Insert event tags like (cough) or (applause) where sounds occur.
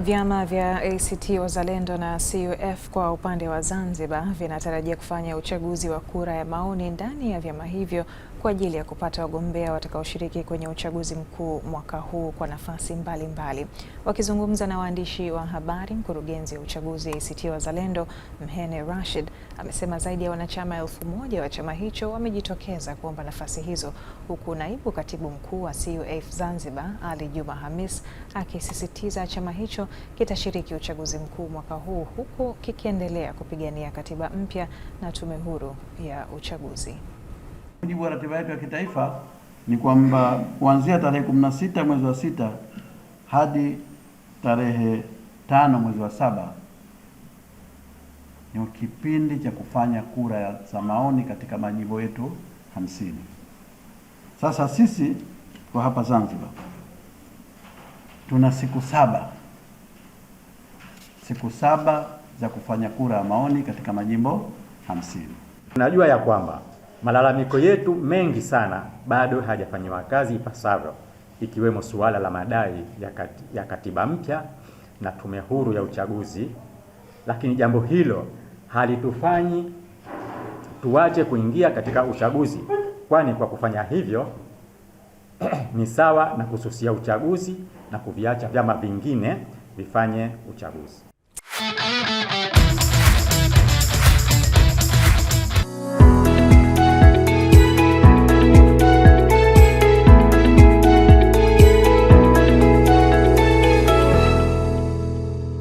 Vyama vya ACT Wazalendo na CUF kwa upande wa Zanzibar vinatarajia kufanya uchaguzi wa kura ya maoni ndani ya vyama hivyo kwa ajili ya kupata wagombea watakaoshiriki kwenye uchaguzi mkuu mwaka huu kwa nafasi mbalimbali. Wakizungumza na waandishi wa habari, mkurugenzi wa uchaguzi ACT Wazalendo Mhene Rashid amesema zaidi ya wanachama elfu moja wa chama hicho wamejitokeza kuomba nafasi hizo, huku naibu katibu mkuu wa CUF Zanzibar Ali Juma Hamis akisisitiza chama hicho kitashiriki uchaguzi mkuu mwaka huu huku kikiendelea kupigania katiba mpya na tume huru ya uchaguzi mujibu wa ratiba yetu ya kitaifa ni kwamba kuanzia tarehe 16 mwezi wa sita hadi tarehe tano mwezi wa saba ni kipindi cha kufanya kura za maoni katika majimbo yetu hamsini. Sasa sisi kwa hapa Zanzibar tuna siku saba, siku saba za kufanya kura ya maoni katika majimbo hamsini. Najua ya kwamba Malalamiko yetu mengi sana bado hayajafanyiwa kazi ipasavyo, ikiwemo suala la madai ya, kat, ya katiba mpya na tume huru ya uchaguzi, lakini jambo hilo halitufanyi tuache kuingia katika uchaguzi, kwani kwa kufanya hivyo (clears throat) ni sawa na kususia uchaguzi na kuviacha vyama vingine vifanye uchaguzi.